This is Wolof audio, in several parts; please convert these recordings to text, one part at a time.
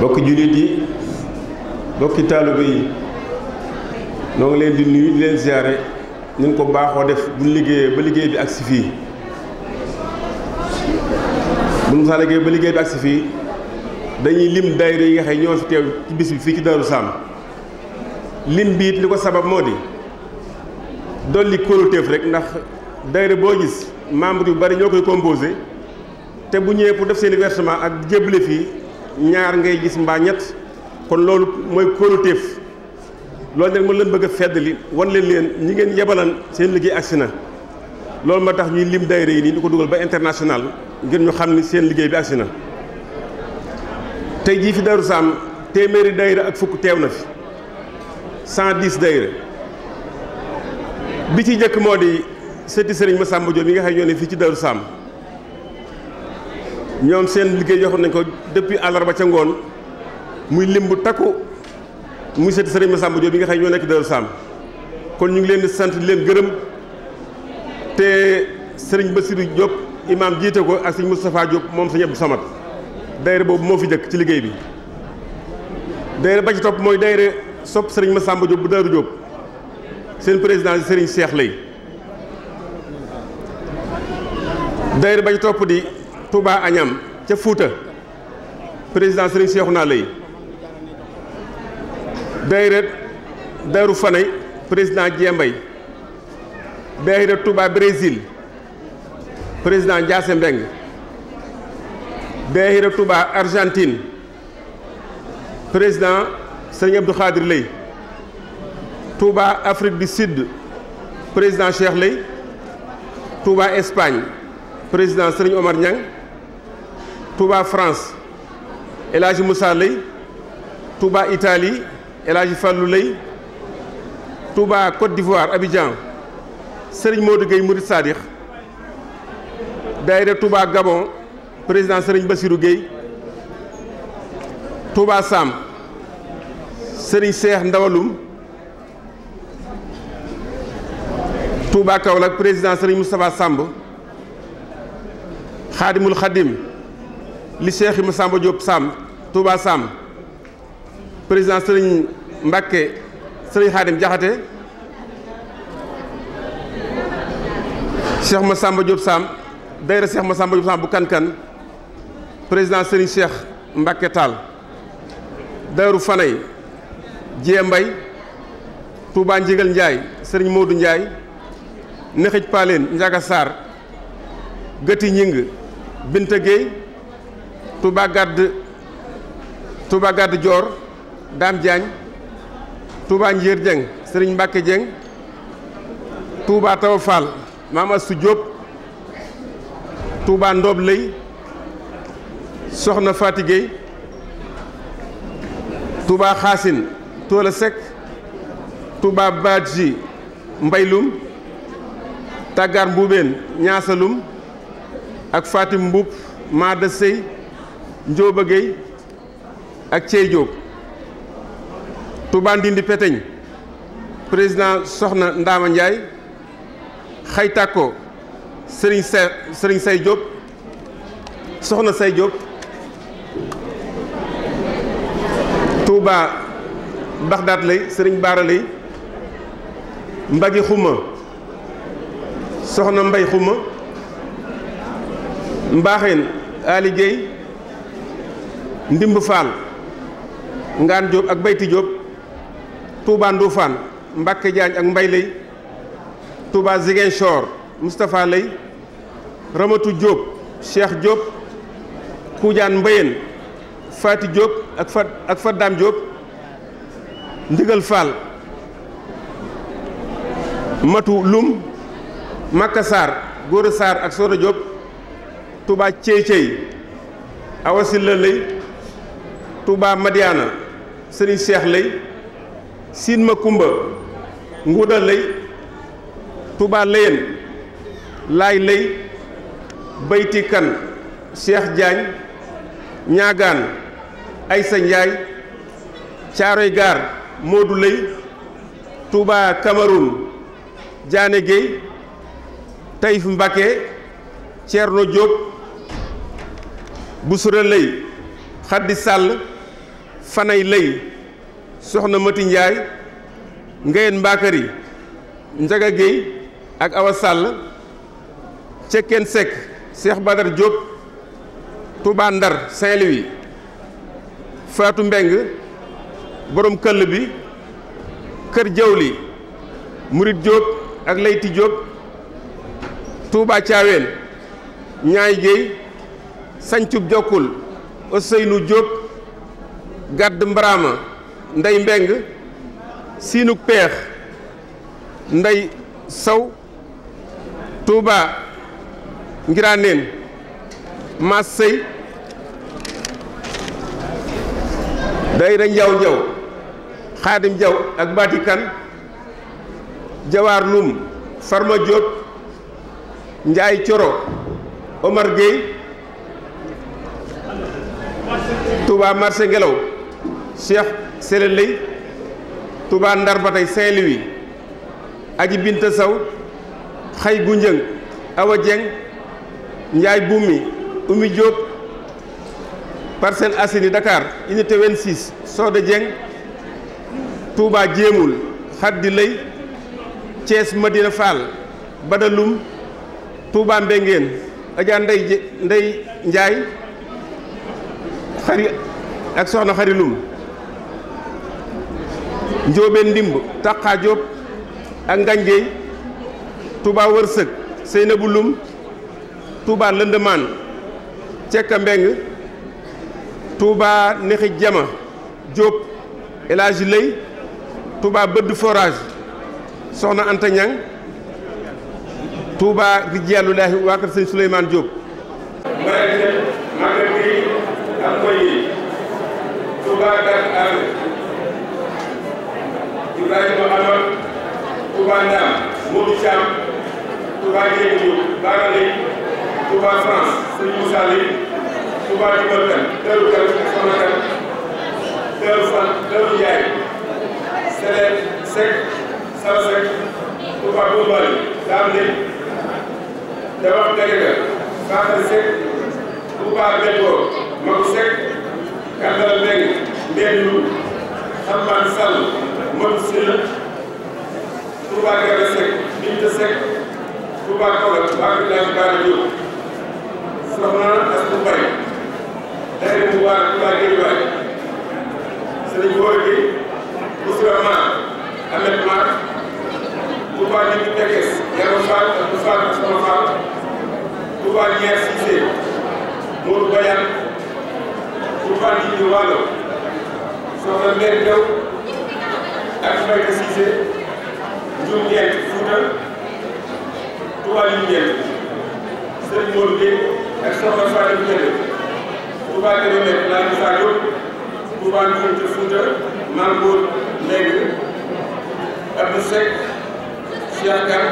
bokki jullit yi bokki taalibe yi noo ngi leen di nuyu di leen ziare ñu ko baaxoo def buñ liggéeyee ba liggéey bi ak si fii buñ saa liggéey ba liggéey bi ak si fii dañuy lim daayira yi nga xam ñoo fi teew ci bis bi fii ci Daaru Saam lim biit li ko sabab moo di dolli kóoluteef rek ndax daayira boo gis membre yu bari ñoo koy composé te bu ñëwee pour def seen versement ak jébbale fii ñaar ngay gis mbaa ñett kon loolu mooy kóoluteef loolu nag mën leen bëgg a feddali wan leen leen ñi ngeen yebalan seen liggéey agsi na loolu ma tax ñuy lim daayira yi nii di ko dugal ba international ngir ñu xam ni seen liggéey bi agsi na tey jii fi daru Saam téeméeri daayira ak fukk teew na fi 110 daayira bi ci njëkk moo di sëti sëriñ Massamba Diop yi nga xam ñoo ne fii ci Daaru Sàmm ñoom seen liggéey joxoon nañ ko depuis ba ca ngoon muy lim bu takku muy sëti sëriñ Massamba Diop yi nga xam ñoo nekk Daaru Sàmm kon ñu ngi leen di sant leen gërëm te sëriñ Bassirou Diop imaam jiite ko ak sëriñ Moustapha Diop moom sëriñ Abdou Samad daayira boobu moo fi jëkk ci liggéey bi daayira ba ci topp mooy daayira sopp sëriñ Massamba Diop bu Daaru Diop seen président di sëriñ Cheikh lay daayira ba ci topp di Touba añam ca Fouta président sëriñ Cheikhouna lay daayira Daaru Fanay président Diembay daayira Touba Brésil président Diassé Mbeng daayira Touba Argentine président sëriñ Abdou Khadir Lay Touba Afrique du Sud président Cheikh Lay Touba Espagne président sëriñ Omar Niang Touba France El Hadji Moussa Lay Touba Italie El Hadji Fallou Lay Touba Côte d'Ivoire Abidjan sëriñ Modou Gueye Mourid Sadikh Daïra Touba Gabon président sëriñ Bassirou Gueye Touba Sam sëriñ Seex Ndawalum Touba Kaolack président sëriñ Moustapha Samb xaadimul xadim li ma Masamba Diop Samb Touba Samb président sëriñ Mbacke sëriñ xaadim Jaxate Seex Masamba Diop Samb dayra Seex Masamba Diop Samb bu Kankan président sëriñ Seex Mbacke Tall dayru Fanay Dieng Mbaye Touba Ndigal Ndiaye Serigne Modou Ndiaye Nexij Paleen Ndiaga Sarr Gëti Ñing Binta Gueye Touba Gadd Touba Gadd Dior Dame Diagne Touba Ndiir Dieng Serigne Mbacke Dieng Touba Taw Maam Astu Diop Touba Ndob Lëy Soxna Fati Gueye Touba Xaasin Toola Seck Touba Badji Mbaylum Tàggaar Mbuubeen Ñaasalum ak Fatim Mbuub Maada Sey Njóoba Géy ak Cey Jóob Touba Ndindi Peteñ président Soxna Ndaama Ndiaye Xaytako Sëriñ Say Sëriñ Say Jóob Soxna Say Jóob baxdaat lay sëriñ baara lay mbagi xuma soxna mbay xuma mbaaxeen ali ndimb faal ngaan jóob ak bayti jóob tuubaa nduufaan mbàkke jaañ ak mbay lay tuubaa ziguinchor moustapha lay ramatu jóob cheikh jóob kujaan mbayeen faati jóob ak fa ak jóob ndigal faal matu lum makka saar góora ak soora jóob tubaa cey cey awasi la tubaa madiana sëriñ seex lay siin ma kumba nguuda lay tubaa layen laay lay bayti kan seex jaañ ñaagaan aysa njaay caaroy gaar Modou Lay Touba jaane Diané Gueye Taïf Mbacké Thierno Diop Boussoura Lay Khady Sall Fanay Lay Soxna Mati Ndiaye Ngayeen Mbakari Njaga Gueye ak Awa sàll Cekkeen Seck Cheikh Badar Diop Touba Ndar Saint-Louis Fatou Mbeng boroom këll bi kër jawli murit jóob ak layti jóob tuubaa caaween ñaay géey sancub jokkul Ousseynou Diop gàdd mbarama ndey mbeng siinuk peex ndey saw Touba ngiraneen maas sëy day da njaw njaw xaadim jaw ak baati kan jawaar lum farma jóob njaay coro omar gueye touba marché ngelaw cheikh sele ley touba ndar ba tey saint louis aji binta saw xay gu njëng awa jeng njaay bumi umi jóob Parcelles Assainies dakar unité 26 soode Touba jéemul xaddi lëy Thiès Madina Fall Badaloum Touba Mbengeen Adja Ndey Ndey Njaay ak soxna xari lum njóobeen ndimb taqaa jóob ak ngañgeey Touba wërsëg Seynabu lum Touba lëndëmaan cekka mbeng Touba nexi jama jóob El lëy Touba bëdd forage soxna Anta Ñang Touba rijaalulaahi waa kër sëñ Souleymane Diop maraîcher magal bi ak koy yi Touba Dak Ar Ibrahima Adoon Touba Ndaam Modou Thiam Touba Jéegu Diop Barale Touba France sëñ Moussa Li Touba Dibalkan Daru Kan soxna Kan Daru Fan Daru Njaay Sélé Seck Salasek Touba Koulibaly Dame Ndiaye Dawar Dagana Fane Seck Touba Beppo Magu Seck Kandara Mbengue Mbendou Xamban Sall Modou Sylla Touba Gare Seck Binta Seck Touba Kaolack Bakary Laye Bara Diop Soxna Astou Mbaye Daara Touba Touba Guédiawaye Sëriñ Góor gi Isra Mar Ahmed Mar Touba Djibi Pekes Yero Fall ak Ousmane Asma Fall Touba Niass Cissé Modou Bayane Touba Djibi Wallo Soxna Mbène Diaw ak Mbaye Cissé Ndioum Ndiène Fouta Touba Djibi Ndiène Sëñ Modou Gueye ak Soxna Fatou Ndiène Touba Kédomer Lami Sadio Touba Ndioum Fouta Mame Goor léegi Abdou Seck Cheikh Kar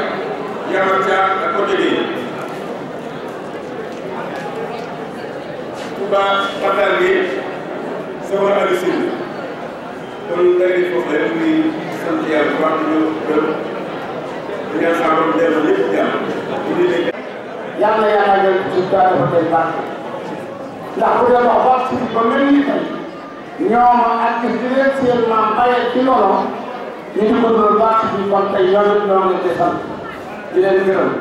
Yamar Dia ak côté bi Touba Fatal gi sama Aliou Sy kon léegi foofu la ñu ngi sant yàlla bu baax ñu gërëm di nga xam ne delloo ñëpp jàmm yàlla yàlla yëpp ci baax ndax bu dee wax wax ci ba mel ni ñoom ak di leen seen maam bàyyee ci loolu ñu ngi ko doon baax ci kon tey ñoom it ñoo leen di sant di leen gërëm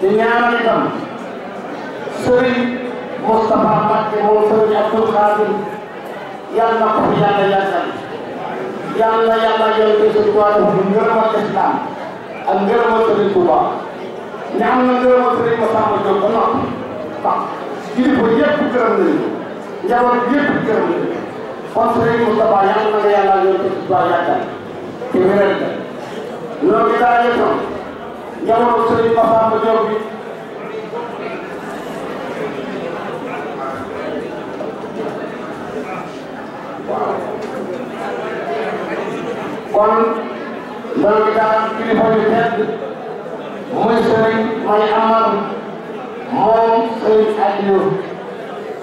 di ñaanal itam Serigne Moustapha Mbacke moom Serigne Abdoul Khadim yàlla na ko fi yàlla yàggal yàlla yàlla yow de suñu waa def ngërëmal islam ak ngërëmal Serigne Touba ñu am na ngërëmal Serigne Moustapha Diop ba noppi wax kilifa yëpp gërëm nañu njaboot yëpp gërëm nañu kon Sëriñ Moustapha yàlla na nga yàlla ñëw ci Tuubaa yàggal te wéral la loolu bi daa yëtoon jamono Sëriñ Massamba Diop bi kon loolu bi daa kilifa yu tedd muy Sëriñ May Amar moom Sëriñ Aliou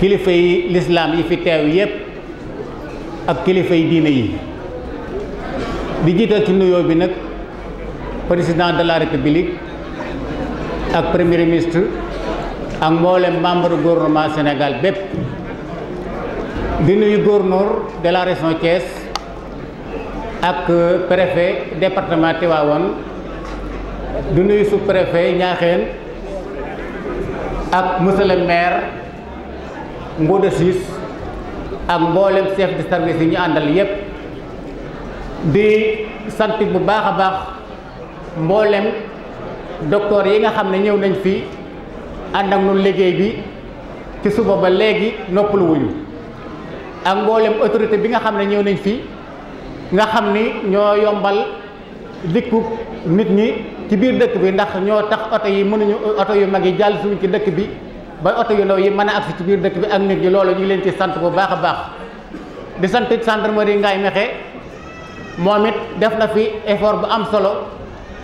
kilifa yi lislaam yi fi teew yépp ak kilifa yi diine yi di jiital ci nuyoo bi nag président de la république ak premier ministre ak mboolem membre gouvernement Sénégal bépp di nuyu gouverneur de la région Thiès ak préfet département Tivaouane di nuyu sous-préfet Niakhène ak monsieur le Ngouda siis ak mboolem chef de service yi ñu àndal yépp di sant bu baax a baax mboolem docteur yi nga xam ne ñëw nañ fi ànd ak ñun liggéey bi ci suba ba léegi noppalu ak mboolem autorité bi nga xam ne ñëw nañ fi nga xam ni ñoo yombal dikku nit ñi ci biir dëkk bi ndax ñoo tax oto yi mënuñu oto yu mag yi jàll suñ ci dëkk bi ba oto yu ndaw yi mën a agsi ci biir dëkk bi ak nit ñi loolu ñu ngi leen ci sant bu baax a baax di sant gendarmerie Ngaye Mékhé moom it def na fi effort bu am solo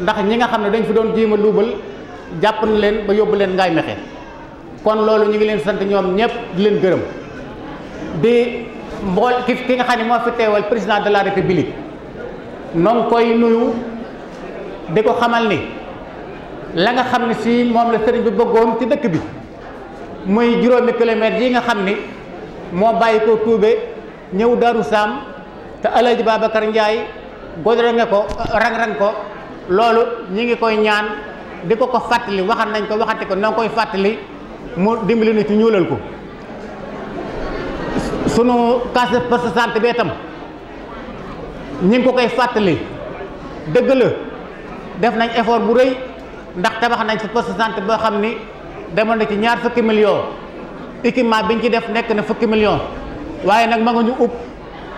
ndax ñi nga xam ne dañ fi doon jéem a luubal jàpp na leen ba yóbbu leen Ngaye Mékhé kon loolu ñu ngi leen sant ñoom ñëpp di leen gërëm di mbool ki ki nga xam ne moo fi teewal président de la république noo ngi koy nuyu di ko xamal ni la nga xam ne si moom la sëriñ bi bëggoon ci dëkk bi muy juróomi kilomètres yi nga xam ni moo bàyyi ko Tuube ñëw Daaru Saam te Alaaji Babacar Ndiaye nga ko rang-rang ko loolu ñu ngi koy ñaan di ko ko fàttali waxan nañ ko waxati ko na koy fàttali mu dimbili nu ci ñuulal ko sunu case de santé bee tam ñi ngi ko koy fàttali dëgg la def nañ effort bu rëy ndax tabax nañ si poste santé boo xam ni demoon na ci ñaar fukki million équipement bi ñu ci def nekk na fukki million waaye nag ma nga ñu ub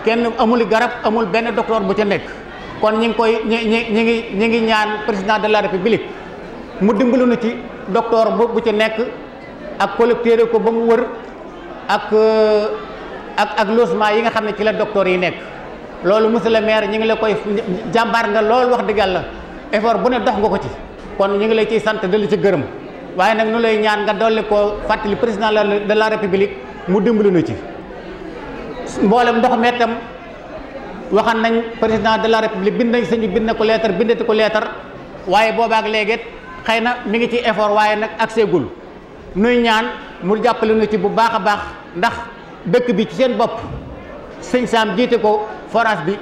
kenn amul garab amul benn docteur bu ca nekk kon ñi ngi koy ñi ngi ñi ngi ñaan président de la république mu dimbalu ci docteur bu bu ca nekk ak collecteur ko ba mu wër ak euh, ak ak logement yi nga xam ne ci la docteur yi nekk loolu monsieur le maire ñi ngi la koy jàmbaar nga loolu wax dëgg yàlla effort bu ne dox nga ko ci kon ñu ngi lay ciy sant di la ci gërëm waaye nag nu lay ñaan nga dolli koo fàttali président de la république mu dimbali nu ci mboolem ndox mettam waxan nañ président de la république bind nañ sañu bind na ko leetar bindati ko leetar waaye boobaak léegi xëy na mu ngi ci effort waaye nag ak gul nuy ñaan mu jàppale nu ci bu baax a baax ndax dëkk bi ci seen bopp sëñ jiite ko forage bi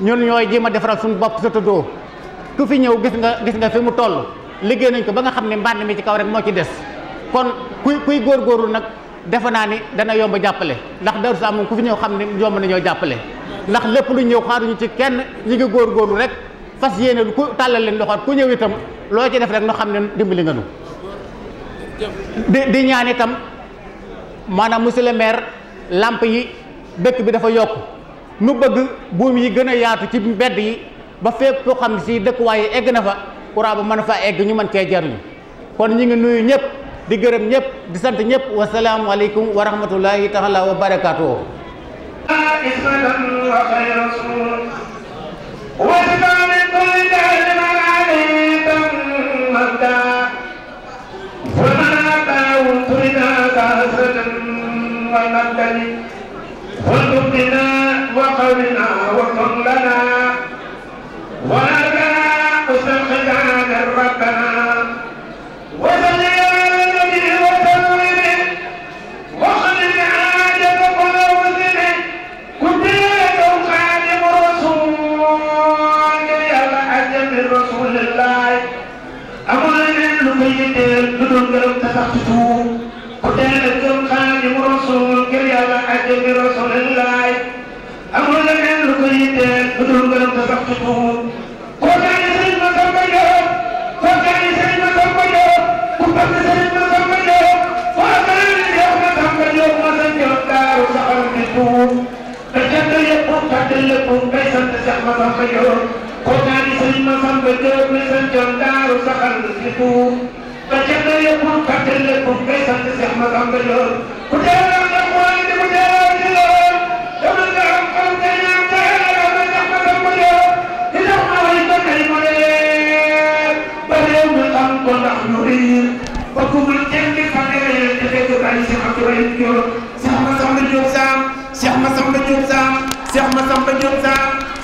ñun ñooy jéem a defaral suñu bopp sa tëddoo ku fi ñëw gis nga gis nga fi mu toll liggéey nañ ko ba nga xam ne mbànd mi ci kaw rek moo ci des kon kuy kuy góor góorgóorlu nag defe naa ni dana yomb jàppale ndax Darou Salaam moom ku fi ñëw xam ne yomb nañoo jàppale ndax lépp lu ñëw xaaruñu ci kenn ñi ngi góorlu rek fas yéene ku tàllal leen loxo ku ñëw itam loo ci def rek noo xam ne dimbali nga nu di ñaan itam maanaam monsieur le maire lamp yi dëkk bi dafa yokk nu bëgg buum yi gën a yaatu ci mbedd yi ba fépp foo xam si dëkkuwaay yi egg na fa courant ba mën fa egg ñu mën cee jariñu kon ñu ngi nuyu ñëpp di gërëm ñëpp di sant ñëpp wasalaamualeykum wa rahmatullahi taala wa barakaatuhu وقلنا وقولنا وقم لنا ولا jaajëf bi rasulillahi amul leneen lu ko yitteel lu dul gërëm te sax ci tuur kookaani sëriñ ma samba Diop kookaani sëriñ ma samba Diop ku bëgg sëriñ ma samba Diop waa beneen bi jox ma samba Diop ma sa Diop daaru saxal bi tuur te jënd yëpp fàtte lépp ngay sant sax ma samba Diop kookaani sëriñ ma samba Diop ma sa Diop daaru saxal bi tuur te jënd yëpp fàtte lépp ngay sant sax ma samba Diop ku dee kon ku mën kenn ngeen fa demee te fekk bàyyi Cheikh Abdoulaye Diop Cheikh Massamba Diop Sam Cheikh seex ma Sam Cheikh Massamba Diop ma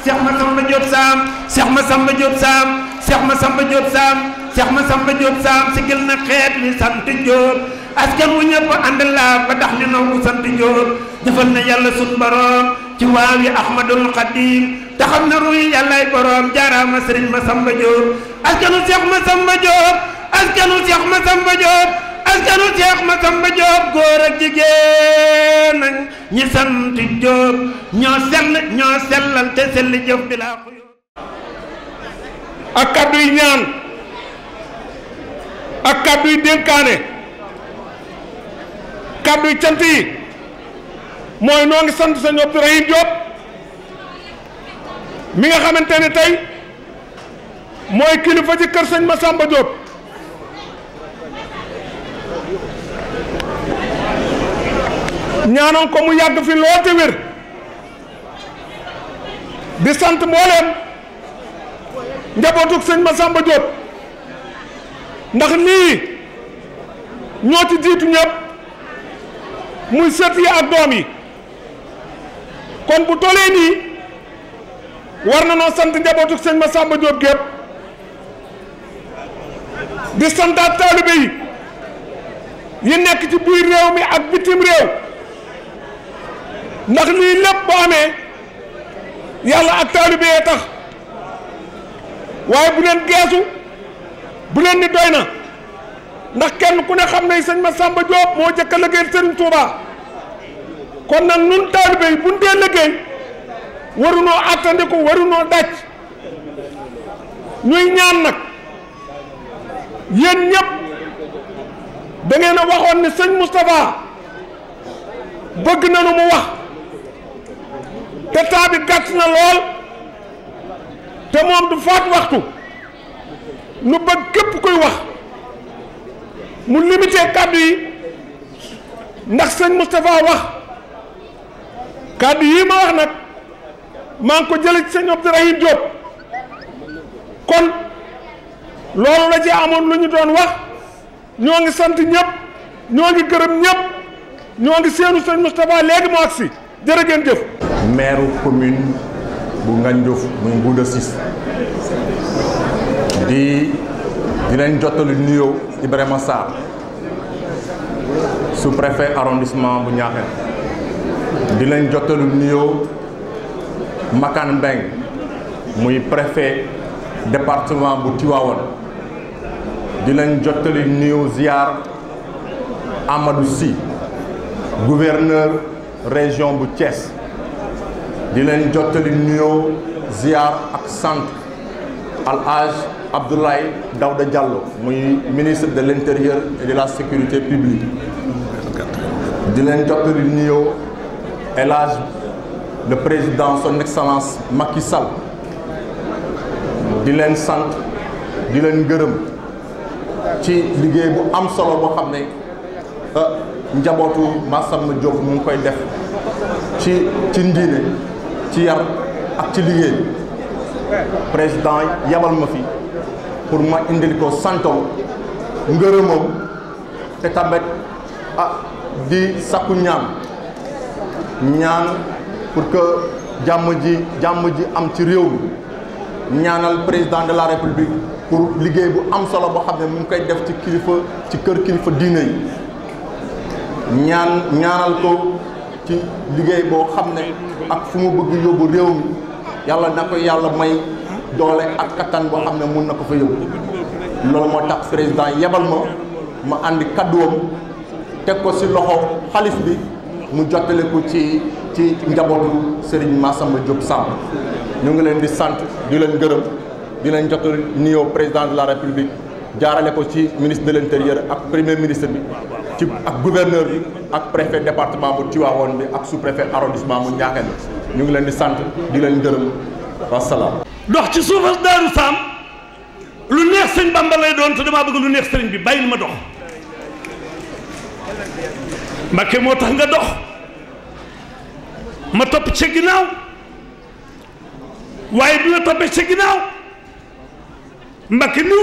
Cheikh Massamba Diop Sam ma Massamba Diop Sam Cheikh Massamba Diop Sam Cheikh Massamba Diop Sam sigil na xeet wi sant Diop askan wu ñëpp ànd laa ba tax li naw ku sant Diop na yàlla sun borom ci waawi Ahmadul ma te xam na ruy yàllaay borom jaaraama Sëriñ askanu Cheikh Massamba Diop askanu Cheikh Massamba Diop góor ak jigéen nag ñi sant Diop ñoo sell ñoo sellal te sell jëf bi laa ak kàdduy ñaan ak kàdduy dénkaane kàdduy cant yi mooy noo sant sëñ Abdourahim Diop mi nga xamante ne tey mooy kilifa ci kër sëñ Massamba Diop ñaanal ko mu yàgg fi lool te wér di sant mbooleem njabootug sëñ Massamba Diop ndax lii ñoo ci jiitu ñëpp muy sët yi ak doom yi kon bu tolee nii war na noo sant njabootug sëñ Massamba Diop gépp di santaat taalibe yi yi nekk ci biir réew mi ak bitim réew ndax lii lépp bu amee yàlla ak taalibe tax waaye bu leen geesu bu leen ni doy na ndax kenn ku ne xam ne sëñ Massamba Diop moo jëkk a liggéeyal Serigne Touba kon nag nun taalibe yi buñ dee liggéey warunoo attandiku warunoo daj ñuy ñaan nag yéen ñëpp da waxoon ne sëñ Moustapha bëgg nanu mu wax te temps bi gàtt na lool te moom du faat waxtu nu bëgg képp koy wax mu limité kàddu yi ndax sëñ Moustapha wax kàddu yii ma wax nag maa ngi ko jële ci sëñ Abdourahim Diop kon loolu la ci amoon lu ñu doon wax ñoo ngi sant ñëpp ñoo ngi gërëm ñëpp ñoo ngi seenu sëñ Moustapha léegi mu agsi jërë jëf maire commune bu Ngandiouf muy Ngouda Ciss di dinañ jottali nuyoo Ibrahima Sarr sous-préfet arrondissement bu Niakhène dinañ jottali nuyoo Makan Mbeng muy préfet département bu di dinañ jottali nuyoo ziar Amadou Sy gouverneur région bu Thiès di leen jottali nuyoo ziar ak sant al haj Abdoulaye Daouda Diallo muy ministre de l'intérieur et de la sécurité publique di leen jottali nuyoo el haj le président son excellence Macky Sall di leen sant di leen gërëm ci liggéey bu am solo boo xam ne euh, njabootu Massamba Diop mu ngi koy def ci ci ndiine ci yar ak ci liggéey président yabal ma fi pour ma indil ko santom ngërëmam te tamit ah di sakku ñaan ñaan pour que jàmm ji jàmm ji am ci réew mi ñaanal président de la république pour liggéey bu am solo boo xam ne mu ngi koy def ci kilifa ci kër kilifa diine yi ñaan ñaanal ko liggéey boo xam ne ak fu mu bëgg yóbbu réew mi yàlla na ko yàlla may doole ak kattan boo xam ne mun na ko fa yóbbu loolu moo tax président yebal ma ma àndi kàdduwam teg ko si loxo xalif bi mu jottale ko ci ci njabootu Serigne Massamba Diop Samb ñu ngi leen di sant di leen gërëm di leen jottali nuyoo président de la république jaarale ko ci ministre de l' intérieur ak premier ministre bi ci ak gouverneur bi ak préfet département bu Tivaouane bi ak sous préfet arrondissement bu Niakhène ñu ngi leen di sant di leen gërëm wasalaam. dox ci suufas Daaru Saam lu neex sëñ Bamba lay doon te damaa bëgg lu neex sëriñ bi bàyyil ma dox Mbàkke moo tax nga dox ma topp ca ginnaaw waaye bi ma toppee ca ginnaaw Mbàkke niw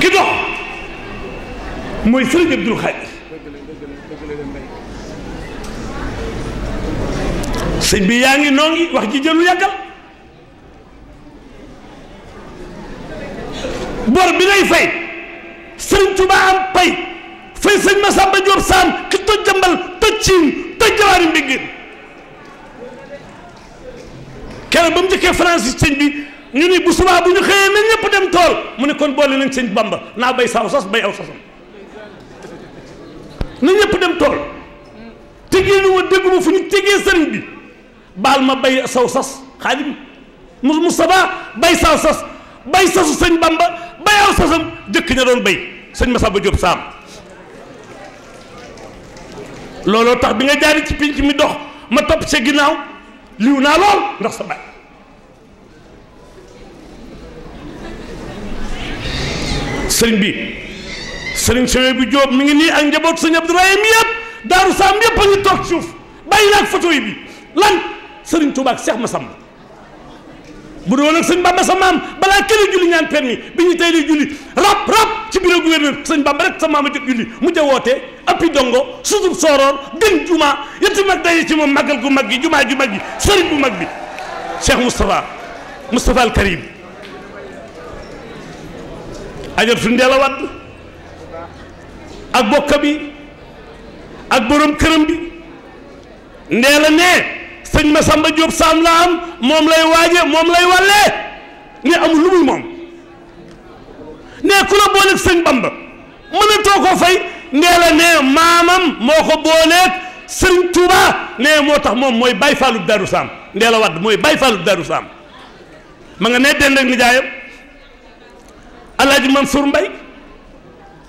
ki dox mooy sëriñ Abdul Xaadir sëñ bi yaa ngi noo wax ji jëlu yàggal bor bi ngay fay sëriñ Tuba am pay fay sëñ ki toj jambal toj ciin toj jawaari mbéggéen kenn ba mu njëkkee France sëñ bi ñu ni bu subaa bu ñu xëyee na ñëpp dem tool mu ne kon boole nañ sëñ bamba naa bay saw sas bay aw sasam na ñëpp dem tool tegee ma dégguma fu ñu tegee sëriñ bi baal ma bay saw sas xaadim mu mu sabaa bay saw sas bay sasu sëñ bamba bay aw sasam jëkk ña doon bay sëñ Masamba Jóob saam looloo tax bi nga jaari ci pinc mi dox ma topp sa ginnaaw liw naa lool ndax sa bay sëriñ bi sëriñ Cheikh bi Diop mi ngi nii ak njaboot sëñ Abdourahim yëpp Daaru Saam yëpp a ngi toog suuf bàyyi laak photo yi bi lan sëriñ Tuubaa ak Seex sama bu doon ak sëñ Bamba sa maam balaa kenn julli ñaan permis bi ñu tey li julli rab rab ci bureau gouverneur sëñ Bamba rek sa maam a julli mu woote appi dongo sutub sooroor gën juma yetti mag daje ci moom màggal gu mag gi jumaa ju mag gi sëriñ bu mag bi Cheikh Moustapha Moustapha al Karim ajatu Ndella Wade ak bokka bi ak borom këram bi Ndella ne sëñ Masamba Diop saam la am moom lay waaje moom lay wàllee ne amul lu moom ne ku la booleeg sëñ Bamba mënatoo koo fay Ndella ne maamam moo ko booleeg sëñ Touba ne moo tax moom mooy Baye Fallou Darou Sam Ndella Wade mooy Baye Fallou Darou Sam ma nga ne dend ak nijaayam alaaji Mansour Mbay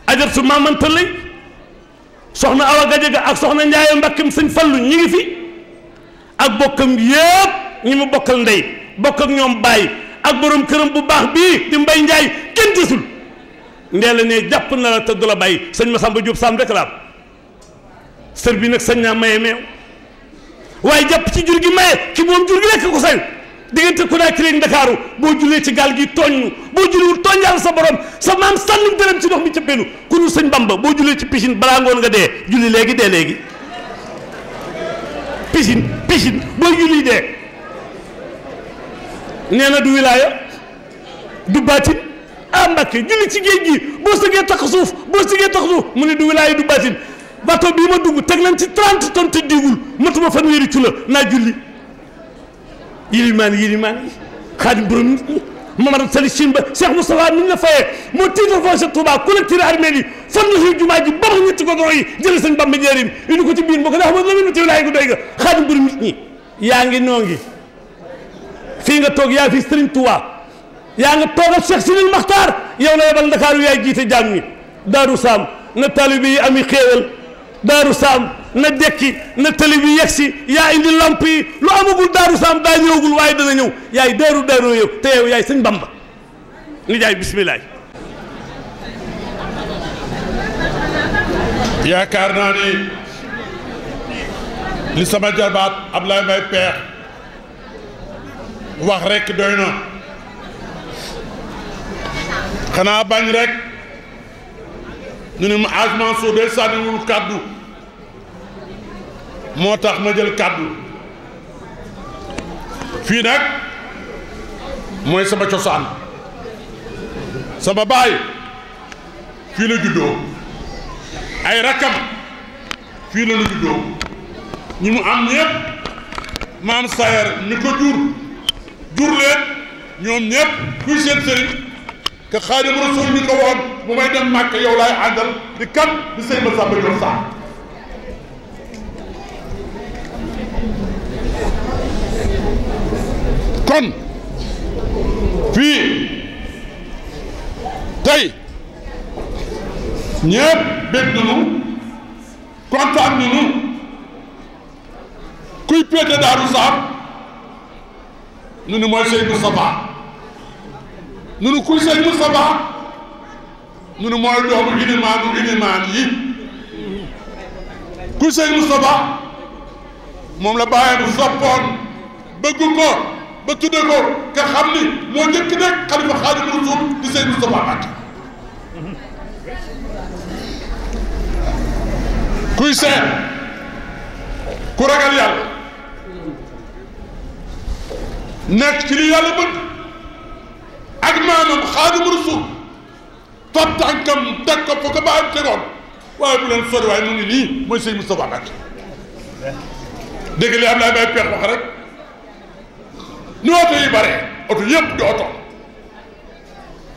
ajatu maamanta lay soxna Awa Gajaga ak soxna Njaaye Mbàkkim sëñ Fallu ñi ngi fi ak bokkam yépp ñi mu bokkal ndey bokk ak ñoom bàyyi ak borom këram bu baax bii di Mbay Njaay kenn ndee la ne jàpp na la te du la bàyyi sëñ Masamba Jóob saam rek la sër bi nag sañ maye meew waaye jàpp ci jur gi maye ki moom jur gi rekk ko sañ diggante Conakry ak Ndakaaru boo julee ci gaal gi tooñnu boo juliwul tooñal sa borom sa maam sànni dërëm ci ndox mi cëppeelu ku dul sañ Bamba boo julee ci piscine balaa ngoon nga dee julli léegi dee léegi piscine piscine boo julli dee nee na du wilaaya du baatin ah Mbàkke julli ci géej gi boo sëggee takk suuf boo sëggee takk suuf mu ne du wilaaya du baatin bato bii ma dugg teg lañ ci 30 tonnes te diigul matuma fanweeri ci la yilimaan yilimaan yi xaadim borom nit ñi mamara sali sin ba Cheikh Moustapha mi ñu la fayee moo tiital foo sa Touba ku la tira armée yi fan la suy jumaa ji babax ñetti ko yi jële sëñ Bamba njëriñ indi ko ci biir mbokk ndax ma la minu tiwilaayi ko doy nga xaadim borom nit ñi yaa ngi noo ngi fii nga toog yaa fi Sëriñ Touba yaa nga toogal Cheikh Sidil Maxtaar yow la yebal Ndakaaru yaay jiite jàmm ñi Daaru Saam na taalibe yi ami xéewal Daaru Saam na dekki na tëli bi yaa indi lamp yi lu amagul daaru saam daa ñëwagul waaye dana ñëw yaay daaru daaru yow te yow yaay sëñ bamba ni jaay bisimilah. yaakaar naa ni li sama jarbaat Ablaye Mbaye Pekh wax rekk doy na xanaa bañ rekk ñu ne ma Mansour de sànniwul kàddu moo tax ma jël kàddu fii nag mooy sama cosaan sama baay fii la juddoo ay rakkam fii la nu juddoo mu am ñëpp maam sayer mi ko jur jur leen ñoom ñëpp kuy seen sëriñ ka xaadimu rasul mi ko woon bu may dem màkk yow laay àndal di kan di sëñ ma sàmba jox kon fii tey ñëpp bég nañu kontaan nañu kuy péete daaru saam nu mooy sëñ Moustapha nu nu kuy sëñ Moustapha nu nu mooy doomu ilimaanu ilimaan yi kuy sëñ Moustapha moom la bàyyam soppoon bëgg ba tudde ko nga xam ni moo njëkk nekk xalifa Xaadimu Rasuul di Sëñ Moustapha Mbacké kuy seet ku ragal yàlla nekk ci li yàlla bëgg ak maanaam Xaadimu Rasuul topp tànkam teg ko fa ko bàyyam tegoon waaye bu leen sori waaye mu ngi nii mooy Sëñ Moustapha Mbacké dégg li Ablaye Baye Peex wax rek ni oto yi bare oto yëpp di oto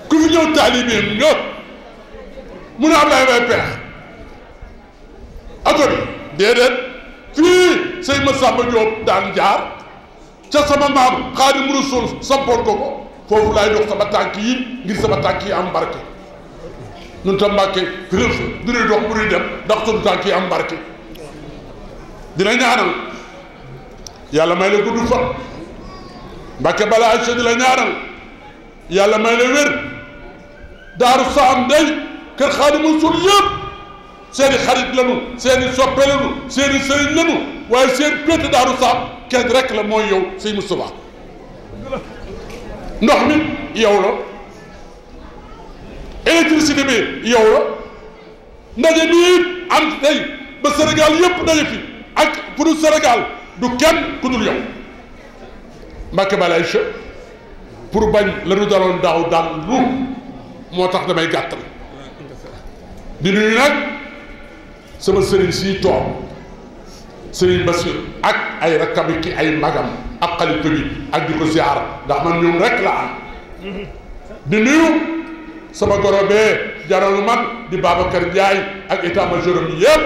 ku fi ñëw taalibeem ñëpp mun a am laay may peex oto bi déedéet fii sëñ Massamba Diop daan jaar ca sama maam Xaadimu Rasuul sampoon ko ko foofu laay dox sama tànk yi ngir sama tànk yi am barke ñun tam Mbàkke fii du ñuy dox bu ñuy dem ndax suñu tànk yi am barke dina ñaanal yàlla may la gudd fan mbàkke balaa ay di la ñaaral yàlla may la wér daaru saam day kër xaadimu sul yëpp seeni xarit lanu seeni soppe lanu seeni sëriñ lanu waaye seen péete daaru saam kenn rek la mooy yow sëñ Moustapha ndox mi yow la électricité bi yow la ndaje bii am tey ba Sénégal yëpp ndaje fi ak pour Sénégal du kenn ku dul yow Mbacke Balaye Che pour bañ la ñu daloon daaw daan lu moo tax damay gàttal di nuyu nag sama sëriñ si toog sëriñ Bassir ak ay rakkam ay magam ak xalifa bi ak di ko ziar ndax man ñoom rek la am di nuyu sama goro bee jaralu man di Babacar Ndiaye ak état major am yëpp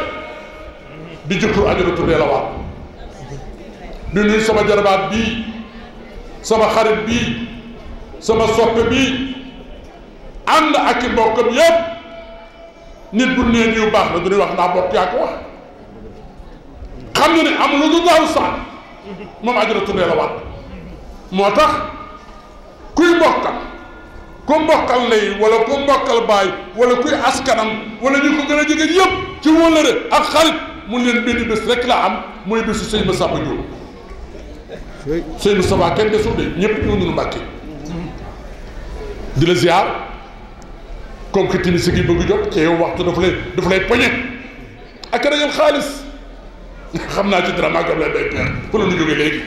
di jëkku ajaratu dee la waat di nuyu sama jarabaat bii sama xarit bii sama soppe bii ànd ak i mbokkam yépp nit bu nee wu baax na du ñuy wax ndax bokk yaa ko wax xam ne ne am lu du daaw saan moom ajaratu ndee la waat moo tax kuy mbokkal ku mbokkal lay wala ku mbokkal baay wala kuy askanam wala ñu ko gën a jege yépp ci wóllëre ak xarit mu leen benn bés rek la am muy bésu sëñ Masamba Diop sëñ Moustapha kenn desul de ñëpp ñëw nañu Mbàkke di la ziar comme que timis gi bëgg jot ci yow waxtu dafa lay dafa ak rajo xaalis xam naa ci dara maa gëm lay bay peer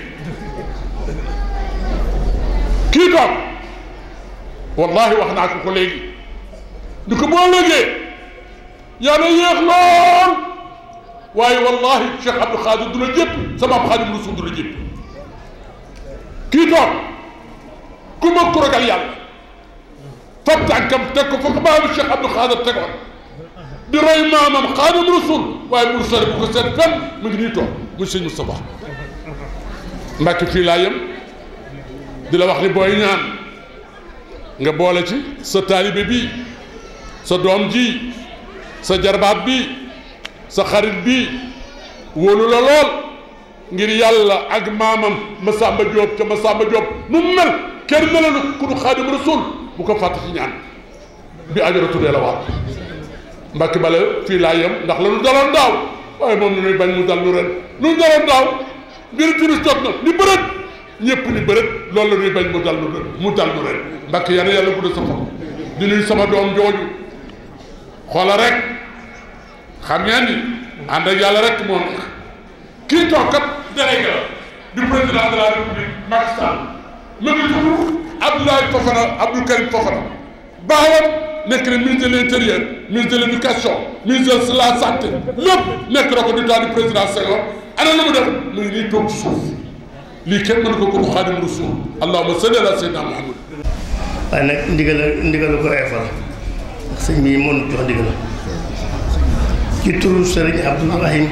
fu la wallahi wax naa ko ko léegi di ko boo léegee yàlla yéex waaye wallahi Cheikh Abdou Khadir du la jëpp sama Xaadimu Rasuul du la jëpp kii toog ku ma ko ragal yàlla fab tànkam teg ko fa baabu Cheikh Abdou Khadre tegoon di roy maamam Xaadimu Rasuul waaye mu bu ko seet fenn mu ngi nii toog muy sëñ Moustapha Mbàkke fii laa di la wax ni booy ñaan nga boole ci sa taalibe bii sa doom ji sa jarbaat bi sa xarit bi wóolu la ngir yàlla ak maamam Masamba Diop te Masamba Diop nu mu mel kenn melanu ku du xaadim rasul bu ko fàtte ci ñaan bi ajara tuddee la waar mbàkki bale fii laa yem ndax la nu daloon daaw waaye moom nu nuy bañ mu dal lu ren nu na ni bërët ñëpp la nuy bañ mu dal lu ren mu dal lu ren mbàkki yàlla gudd sa fan di nuy sama doom jooju xoola rek xam ngeen ni ànd ak yàlla rek moo kii toog délégué la du président de la république Macky Sall mu ngi tudd Abdoulaye Fofana Abdou Karim nekk na ministre de l' intérieur de l' éducation de la santé nekk na ko du temps du président Senghor ana lu mu def mu ngi nii toog suuf lii kenn mënu ko ko Xaadimu Rasuul allahumma salli ala sayyidina Muhammad waaye nag ndigal ndigal ko eefal ndax sëñ bi mënu jox ndigal ci turu Sëriñ Abdou Rahim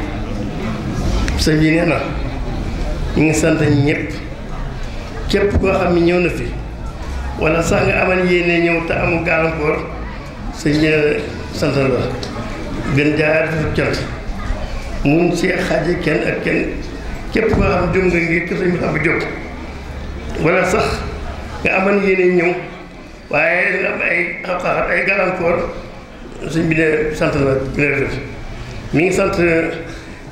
sëñ bi na mu ngi sant ñëpp képp koo xam ne ñëw na fi wala sax nga amal yéene ñëw te amul gàllankoor sëñ sant la gën jaar fi cant mun képp koo xam jóg nga wala sax nga amal yéene ñëw waaye am ay xaxaat ay gàllankoor sëñ bi sant la gën ngi sant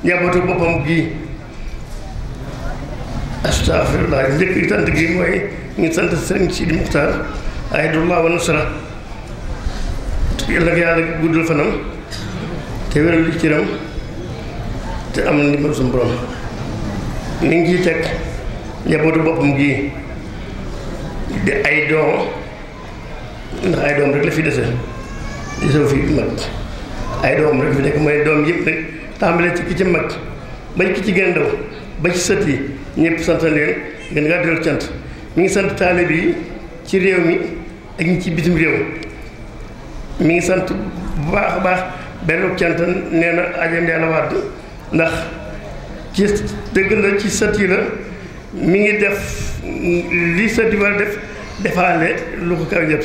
njabootu boppam gii astafirullah lépp yi sant gi mooy ñu sant sëriñ Sidi Muxtaar ayadullah wa nasra yàlla yàlla guddal fanam te wéral li ciram te am na ndimbal suñu borom ni ngi ciy teg ay doom ndax rek la fi dese di sow fi mag ay doom rek fi nekk mooy doom yëpp rek tàmbalee ci ki ci mag ba ci ki ci gën ndaw ba ci sët yi ñëpp sant leen gën ngaa dellu cant mi ngi sant taalib yi ci réew mi ak ñi ci bitim réew mi ngi sant bu baax baax benn cant nee na ajam yàlla wàdd ndax ci dëgg la ci sët yi la mi ngi def li sët yi def defaale lu ko kaw jot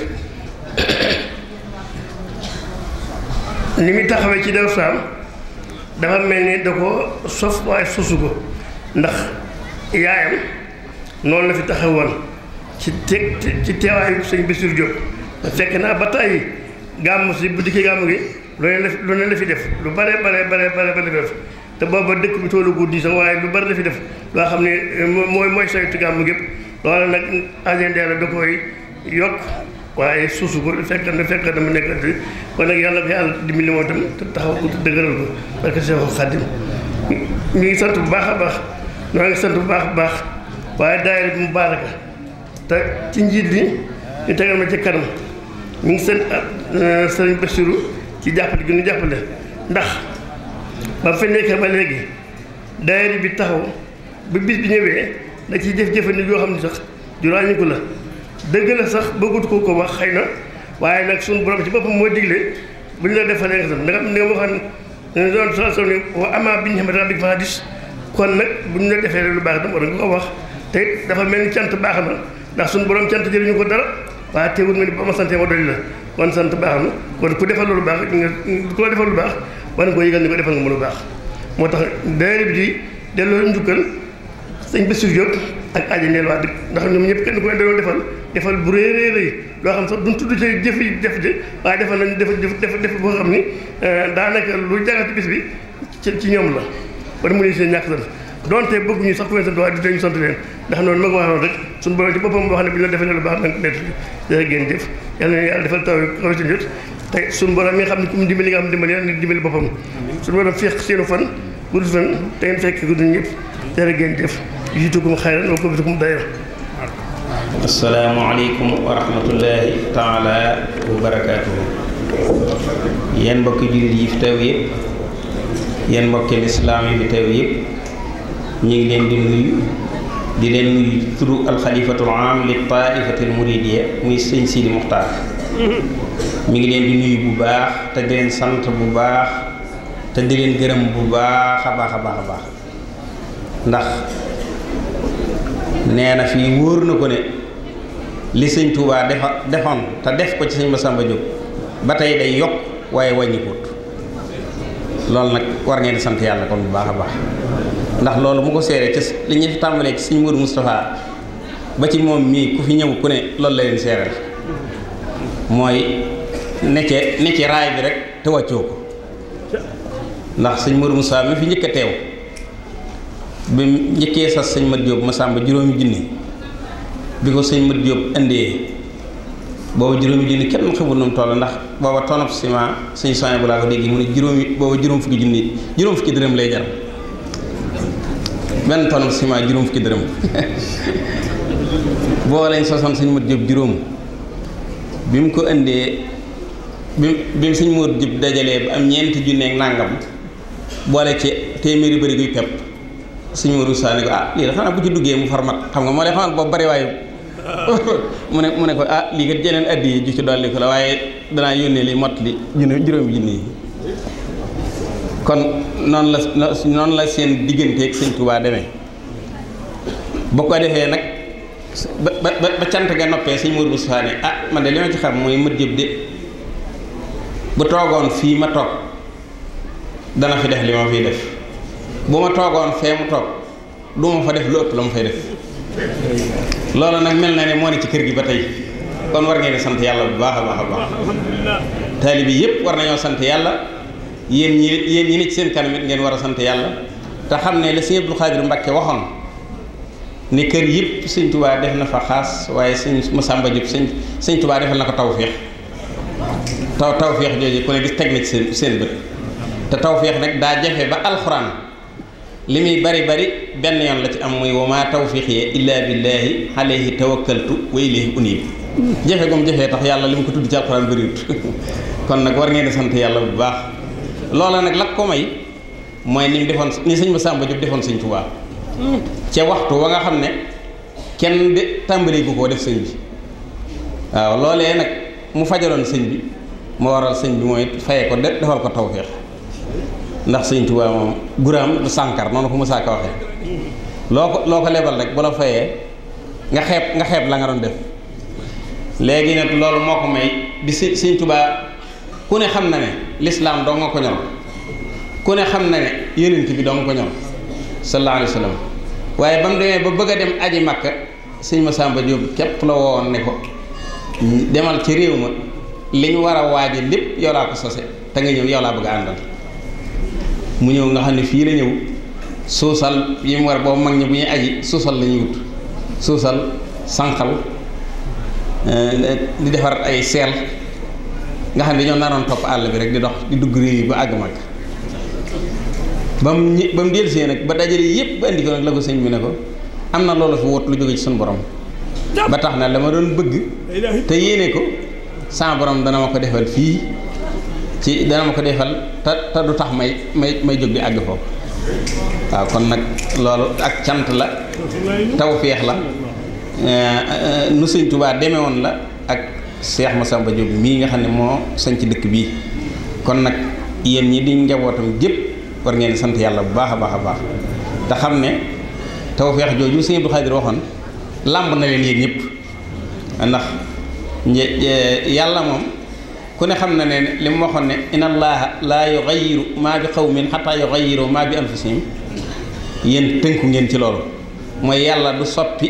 ni taxawee ci Daaru Salaam dafa mel ni da ko sof waaye sosu ko ndax yaayam noonu la fi taxawoon ci te ci teewaayu sëñ Bassirou Diop fekk naa ba tàyyi gàmmu si bu dikkee gàmmu gi lu ne la lu fi def lu bare bare bare bare bare def te booba dëkk bi toolu guddi sax waaye lu bari la fi def loo xam ne mooy mooy saytu gàmm gépp loolu nag agenda la da yokk waaye suusu ko fekk na fekk na mu nekk kon nag yàlla ko yàlla dimbali moo tam te taxaw ko te dëgëral ko parce que Seexul Xaadim ñu ngi sant bu baax a baax ñoo ngi sant bu baax baax waaye daayira bi mu baaraka te ci njiit bi ñu tegal ma ci kanam ñu ngi sant euh, sëriñ Bassirou ci jàppale gi ñu jàppale ndax ba fa nekkee ba léegi daayira bi taxaw ba bis bi ñëwee da ciy jëf-jëfandiku yoo xam ne sax ju ràññiku la dëgg la sax bëggut ko ko wax xëy na waaye nag suñu borom ci boppam mooy digle bu ñu la defalee nga sax nga xam ne nga waxoon ne doon soxla soxla wa amaa bi ñu xamante ne bii kon nag bu ñu la defee lu baax dama war nga ko wax te dafa mel ni cant baax na ndax suñu borom cant jël ñu ko dara waaye teewul ma ni ba ma santee ma dolli la kon sant baax na kon ku defal lu baax nga ku la defal lu baax war nga ko ni ko defal nga ma lu baax moo tax daayira bi di delloo njukkal sëñ Bassirou Diop ak aja neel waa dëkk ndax ñoom ñëpp ka ku ne dañoo defal defal bu rëy rëy rëy loo xam sax duñ tudd ci jëf yi def de waaye defal nañ def def def boo xam ni euh, daanaka lu jàngati bis bi ci ñoom la war mu ne seen ñàkk sant donte bëgguñu sax ku leen sant waaye du tee ñu sant leen ndax noonu ma ko waxee rek suñu borom ci boppam boo xam ne bu ñu la defee lu baax nag nett jërë ngeen jëf yàlla na yàlla defal taw xaw si jot te suñu borom mi nga xam ne ku mu dimbali nga xam ne dimbali yàlla na dimbali boppam suñu borom féex seenu fan gudd fan te ngeen fekk gudd ñëpp jërë ngeen jëf jiitukum xayran wa kubitukum dayra asalaamaaleykum wa rahmatullahi taala wa barakaatuhu yéen mbokki jullit yi fi teew yëpp yéen mbokki lislaam yi fi teew yëpp ñu ngi leen di nuyu di leen nuyu turu alxalifatul am li taifatil muridiya muy sëñ Sidi Muxtaar mi ngi leen di nuyu bu baax te di leen sant bu baax te di leen gërëm bu baax a baax a baax a baax ndax nee na fii wóor na ko ne li sëñ Tuubaa defan defoon te def ko ci sëñ Masamba Jóob ba tey day yokk waaye wàññikut loolu nag war ngeen di sant yàlla kon bu baax a baax ndax loolu mu ko seeree ci li ñu fi tàmbalee ci suñu Modou Moustapha ba ci moom mii ku fi ñëw ku ne loolu la leen seereel mooy ne ci ne raay bi rek te wàccoo ko ndax suñ Modou Moustapha mi fi njëkk a teew bi njëkkee sa sëñ Mat Diop ma sàmba juróom junni bi ko sëñ Mat Diop indee booba juróomi junni kenn xamul nu mu toll ndax booba tonab ciment suñu soin bu laa ko déggee mu ne juróomi booba juróom fukki junni juróom fukki dërëm lay jar benn tonab juróom fukki dërëm boo lañ sosoon suñ mut jëb juróom bi mu ko indee bi bi mu suñ mut jëb dajalee ba am ñeenti junneeg nàngam boole ci téeméeri bëri guy pepp suñu mut ruusaani ko ah lii da xanaa bu ci duggee mu farmat xam nga moo lay xamal boobu bari waayu mu ne mu ne ko ah lii kat jeneen addi yi ju ci dolli ko la waaye danaa yónnee li mot li junni juróomi ji nii kon noonu la noon la seen digganteeg sëñ Tuubaa deme bu ko defee nag ba ba ba cant ga noppee sëñ Mourou Moussa ne ah man de li ma ci xam mooy mët jëb de bu toogoon fii ma toog dana fi def li ma fiy def bu ma toogoon fee mu toog du ma fa def lu ëpp la mu fay def looloo nag mel na ne moo ne ci kër gi ba tey kon war ngeen di sant yàlla bu baax a baax a baax taalibe yi yëpp war nañoo sant yàlla yéen ñi yéen ñi ne ci seen kanam it ngeen war a sant yàlla te xam ne da la sëñ Abdou Khadir mbakke waxoon ni kër yëpp sëñ Touba def na fa xaas waaye mu sàmba Diop sëñ sëñ Touba defal na ko tawféex taw tawféex jooju ku ne gis teg na ci seen seen bët te tawféex nag daa jafe ba alxuraan. li muy bari bari benn yoon la ci am muy wa maa tawfiqi illa yi alayhi tawakkaltu wa ilayhi unib jafe gum jafee tax yàlla li mu ko tudd ci alxuraan bëriwut kon nag war ngeen di sant yàlla bu baax loola nag la ko may mooy ni mu defoon ni sëñ Masamba jot defoon sëñ Tuubaa ca waxtu wa nga xam ne kenn de tàmbali gu koo def sëñ bi waaw loolee nag mu fajaloon sëñ bi moo waral sëñ bi mooy faye ko defal ko tawfiq ndax sëñ Tuubaa moom guraam du sànkar noonu ko Musaa Ka waxee loo ko loo ko lebal rek bu la fayee nga xeeb nga xeeb la nga doon def léegi nag loolu moo ko may di si sëñ Tuubaa ku ne xam na ne lislaam doo ko ñor ku ne xam na ne yonent bi doo ko ñor sallallahu alayhi waaye ba mu demee ba bëgg a dem aji Makka sëñ Masamba Jóob képp la woon ne ko demal ci réew ma li ñu war a waaje lépp yow laa ko sose te nga ñëw yow laa bëgg a àndal mu ñëw nga xam ne fii la ñëw suusal yi mu war boobu mag ñi bu ñuy aji suusal la ñuy wut suusal sànqal eh, di defar ay seel nga xam ne dañoo naroon topp àll bi rek di dox di dugg réew yi ba àgg mag ba mu ñi ba mu delsee nag ba dajale yépp ba indi ko nag la ko sëñ bi ne ko am na loolu fi wut lu jóge ci suñu borom ba tax na la ma doon bëgg te yéene ko sama borom dana ma ko defal fii ci dana ma ko defal te te du tax may may may jóg di àgg foofu waaw kon nag loolu ak cant la tawféex la eh, eh, nu sëñ Tuubaa demee woon la ak Seex Masamba Jóob mii nga xam ne moo sañ ci dëkk bii kon nag yéen ñi di njabootam gépp war ngeen sant yàlla bu baax a baax a baax te xam ne tawféex jooju sëñ Abdou Xaadir waxoon làmb na leen yéen ndax eh, yàlla moom ku ne xam na ne li waxoon ne inna laa laa yugayiru maa bi qawmin xataa yugayiru maa bi anfusihim yéen tënku ngeen ci loolu mooy yàlla du soppi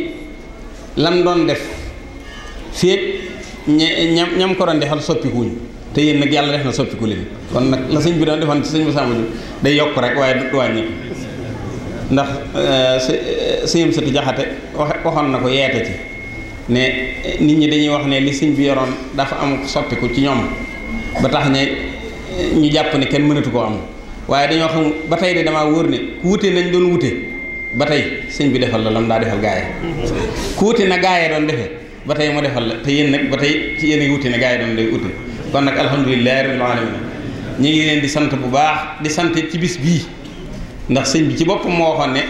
lam doon def féet ña ñam ko doon defal soppikuwuñ te yéen nag yàlla def na soppiku kon nag sëñ bi doon defoon ci sëñ Moussa Mbodj day yokk rek waaye du wàññi ndax euh, sëñ Sëti Jaxate wax waxoon na ko yeete ci ne nit ñi dañuy wax ne li siñ bi yoroon dafa am soppiku ci ñoom ba tax ne eh, ñu jàpp ne kenn mënatu koo am waaye dañoo xam ba tey de damaa wóor ne ku wute nañ doon wute ba tey sëñ bi defal la lam daa defal gaay ku wute na gaay doon defee ba tey mu defal la te yéen nag ba tey ci yéen a wute na gaay doon day wute kon nag alhamdulilah rabbil alamin ñu ngi leen di sant bu baax di sant ci bis bii ndax sëñ bi ci boppam moo waxoon ne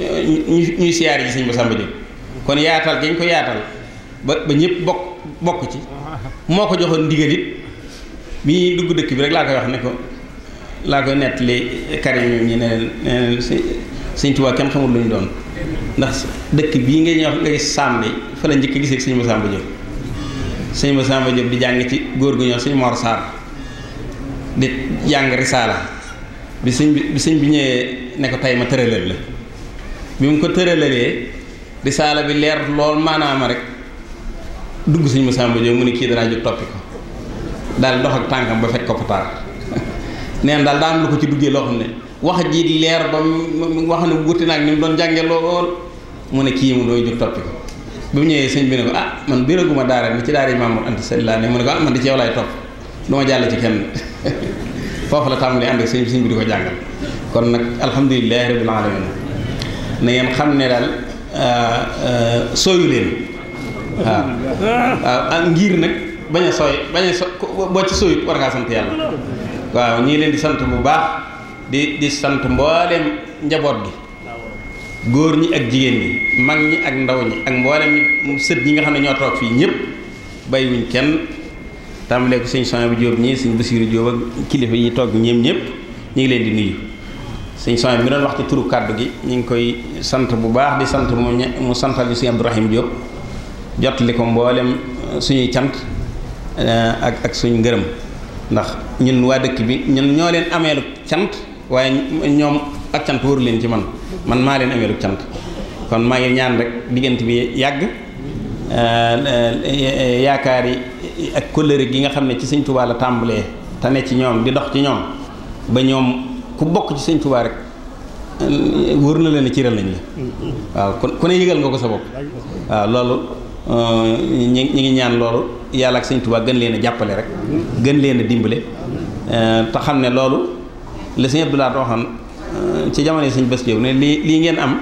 eh, ñuy siyaar ji sëñ Massamba Diop kon yaatal gañ ko yaatal ba ba ñëpp bokk bokk ci moo ko joxoon ndigal it bi ñuy dugg dëkk bi rek laa koy wax ne ko laa koy nettali kare ñu ñu ne leen sëñ Tuubaa kenn xamul lu ñu doon ndax dëkk bii ngay wax ngay sàmbe fa la njëkk gisee ak sëñ Masamba Diop sëñ Masamba Diop di jàng ci góor gu ñëw sëñ Mor Sarr di jàng risaala bi sëñ bi bi sëñ bi ñëwee ne ko tey ma tëralal la bi mu ko tëralalee risaala bi leer lool maanaama rek dugg sëñ Masamba Jóob mu ne kii danaa jóg toppi ko daal dox ak tànkam ba fekk ko pataar neen daal daan lu ko ci duggee loo xam ne wax ji leer ba mu wax ne wuti naag ni mu doon jànge lool mu ne kii mu ko ba mu ñëwee sëñ bi ne ko ah man biraguma ci daara Mamour Anta Sali laa ne mu ne ko ah man di ci yow laay topp du jàll ci kenn foofu la tàmbali ànd ak sëñ bi sëñ bi di ko jàngal kon nag alhamdulilahi ma alamin na ngeen xam ne daal ah, ah, sooyu leen waaw ah. ah, waaw ngir nag bañ a sooy bañ a so boo ci sooyut war ngaa sant yàlla waaw ñii leen di sant bu baax di di sant mbooleem njaboot gi góor ñi ak jigéen ñi mag ñi ak ndaw ñi ak mboolem ñi sët ñi nga xam ne ñoo toog fii ñëpp bay wuñ kenn tàmbalee ko sëñ Sonia bu Jóob ñii sëñ Basiiru Jóob ak kilifa yi toog ñeem ñëpp ñu ngi leen di nuyu sëñ Sonia bi mi doon wax ci turu kàddu gi ñu ngi koy sant bu baax di sant mu mu santal ñu sëñ Abdourahim Jóob jottali ko mboolem uh, suñuy cant uh, ak ak suñu ngërëm ndax ñun waa dëkk bi ñun ñoo leen ameelu cant waaye ñoom ak cant wóoru leen ci man man maa leen ameelu cant kon maa ngi ñaan rek diggante bi yàgg uh, yaakaar yi ak kóllëre gi nga xam ne ci sëñ Tuubaa la tàmbalee te ne ci ñoom di dox ci ñoom ba ñoom ku bokk ci sëñ Tuubaa rek wóor na leen ne ciral nañ la mm-hmm. waaw kon ku ne yëgal nga ko sa bopp waaw loolu Euh, ñi ñi ngi ñaan loolu yàlla ak sëñ Tuubaa gën leen a jàppale rek gën leen a dimbale euh, te xam ne loolu la sëñ Abdoulaye waxoon euh, ci jamono yi sëñ Bass Diop ne lii lii ngeen am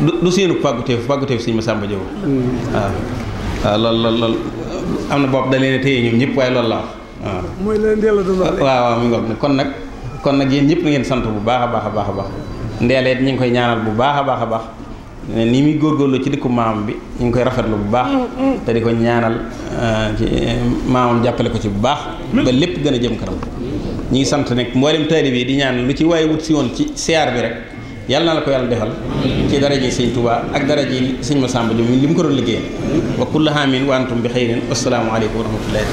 du du seenu pàgguteef pàgguteef sëñ Massamba Diop mm. waaw waaw loolu loolu am na bopp da leen a téye ñoom ñëpp waaye loolu la wax mooy leen delloo doon waaw waaw mi ngoog kon nag kon nag yéen ñëpp ngeen sant bu baax a baax a baax a baax ndeeleet ñu ngi koy ñaanal bu baax a baax a baax ne ni muy góorgóorlu ci dëkku maam bi ñu ngi rafet la bu baax mm, mm. te di ko ñaanal euh, ci euh, maamam jàppale ko ci bu baax mm. ba lépp gën a jëm karam ñu ngi sant nag mboolem taalibe yi di ñaan lu ci waaye wut si woon ci siyaar bi rek yàlla la ko yàlla defal ci daraje sëñ Tuubaa ak daraje sëñ Masamba Jóob li ko doon liggéeyal wa kullu haamin bi xayrin assalaamu aleykum wa rahmatullaahi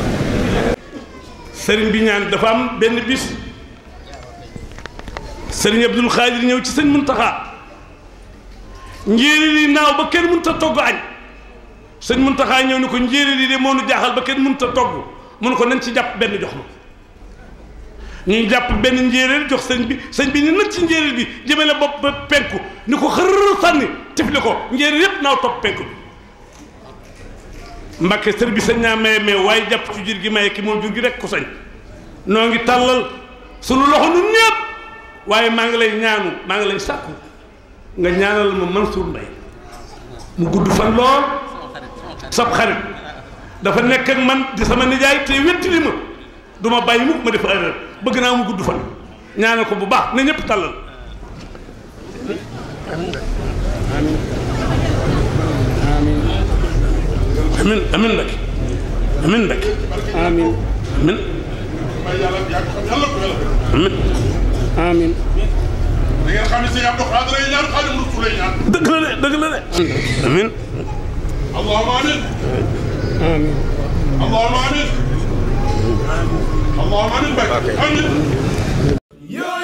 bi ñaan dafa am benn bis sëriñ Abdul Xaadir ñëw ci sëñ Muntaxa njéeréer yi naaw ba kenn mënut a togg añ sëñ Muntaxa ñëw ni ko njéeréer yi de moo nu jaaxal ba kenn mënut a togg mun ko nañ ci jàpp benn jox ma ñu jàpp benn njéeréer jox sëñ bi sëñ bi ni nag ci njéerél bi jëmale bopp ba penku ni ko xërr sànni tifli ko njéeréer yépp naaw topp penku bi Mbàkke sër bi sañ naa maye maye waaye jàpp ci jur gi maye ki moom jur gi rek ku sañ noo ngi tàllal sunu loxo nun ñépp waaye maa ngi lay ñaanu maa ngi lay sàkku nga ñaanal ma Mansour Mbaye mu gudd fan lool sab xarit dafa nekk man di sama nijaay te wettili ma du ma bàyyi ma def erreur bëgg naa mu gudd fan ñaanal ko bu baax na ñëpp tàllal amin amin amin Mbakke amin amin amin da ngeen xam ne sëñ Abdou Khadre lay ñaan Xaadimu Rasuul lay ñaan. dëgg la de dëgg la de. amiin. allahumma amiin. amiin. allahumma amiin. allahumma amiin. amiin.